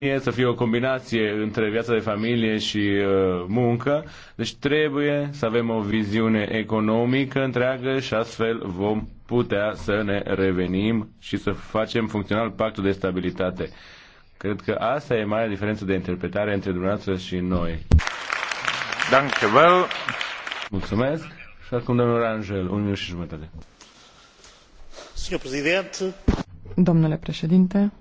familie, să fie o combinație între viața de familie și uh, muncă. Deci trebuie să avem o viziune economică întreagă și astfel vom putea să ne revenim și să facem funcțional pactul de stabilitate. Cred că asta e mai diferență de interpretare între dumneavoastră și noi. Danke well. Mulțumesc. Și acum domnul Rangel, un minut și jumătate. Domnule președinte,